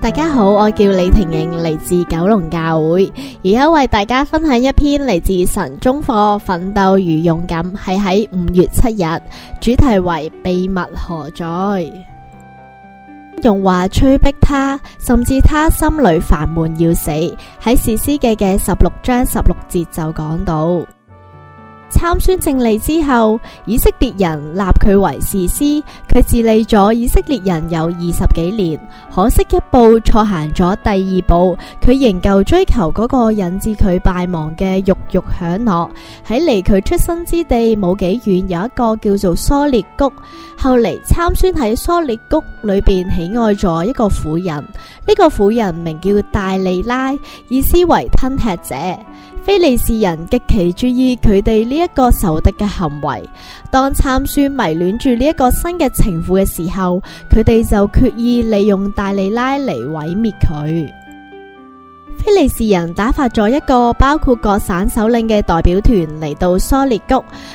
大家好，我叫李婷瑩，嚟自九龍教會，而家為大家分享一篇嚟自神中課《奮鬥與勇敢》，係喺五月七日，主題為秘密何在？用話催逼他，甚至他心裏煩悶要死。喺《士師記》嘅十六章十六節就講到。參孫勝利之後，以色列人立佢為士師，佢治理咗以色列人有二十幾年。可惜一步錯，行咗第二步，佢仍舊追求嗰個引致佢敗亡嘅欲欲享樂。喺離佢出生之地冇幾遠，有一個叫做梭烈谷。後嚟參孫喺梭烈谷裏邊喜愛咗一個婦人，呢、這個婦人名叫大利拉，意思為吞吃者。菲利士人極其注意佢哋呢一個仇敵嘅行為。當參孫迷戀住呢一個新嘅情婦嘅時候，佢哋就決意利用大利拉嚟毀滅佢。菲利士人打發咗一個包括各省首領嘅代表團嚟到梭列谷，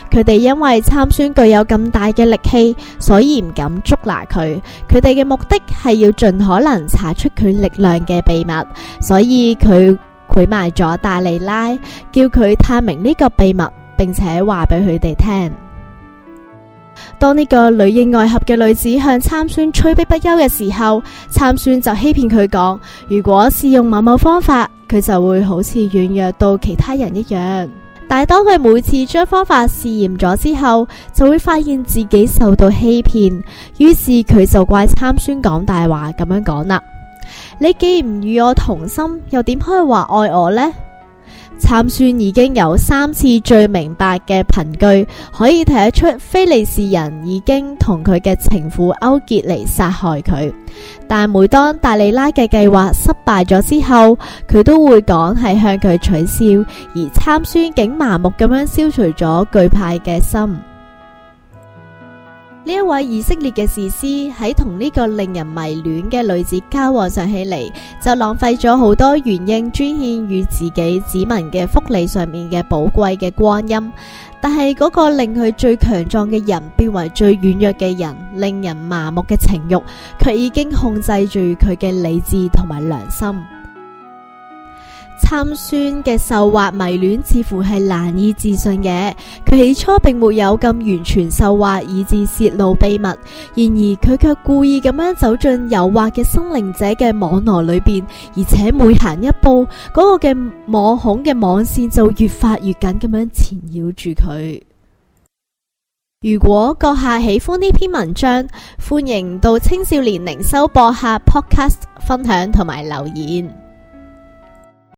佢哋因為參孫具有咁大嘅力氣，所以唔敢捉拿佢。佢哋嘅目的係要盡可能查出佢力量嘅秘密，所以佢。陪埋咗大利拉，叫佢探明呢個秘密，並且話俾佢哋聽。當呢個女應外合嘅女子向參孫催逼不休嘅時候，參孫就欺騙佢講：如果試用某某方法，佢就會好似軟弱到其他人一樣。但係當佢每次將方法試驗咗之後，就會發現自己受到欺騙，於是佢就怪參孫講大話咁樣講啦。你既唔與我同心，又點可以話愛我呢？參孫已經有三次最明白嘅憑據，可以睇得出非利士人已經同佢嘅情婦勾結嚟殺害佢。但每當大利拉嘅計劃失敗咗之後，佢都會講係向佢取笑，而參孫竟麻木咁樣消除咗懼怕嘅心。呢一位以色列嘅士師喺同呢個令人迷戀嘅女子交往上起嚟，就浪費咗好多原應專獻與自己子民嘅福利上面嘅寶貴嘅光陰。但係嗰個令佢最強壯嘅人變為最軟弱嘅人，令人麻木嘅情欲，佢已經控制住佢嘅理智同埋良心。參孫嘅受惑迷戀似乎係難以置信嘅，佢起初並沒有咁完全受惑以致泄露秘密，然而佢卻故意咁樣走進誘惑嘅生靈者嘅網絡裏邊，而且每行一步，嗰、那個嘅網孔嘅網線就越發越緊咁樣纏繞住佢。如果閣下喜歡呢篇文章，歡迎到青少年靈修博客 Podcast 分享同埋留言。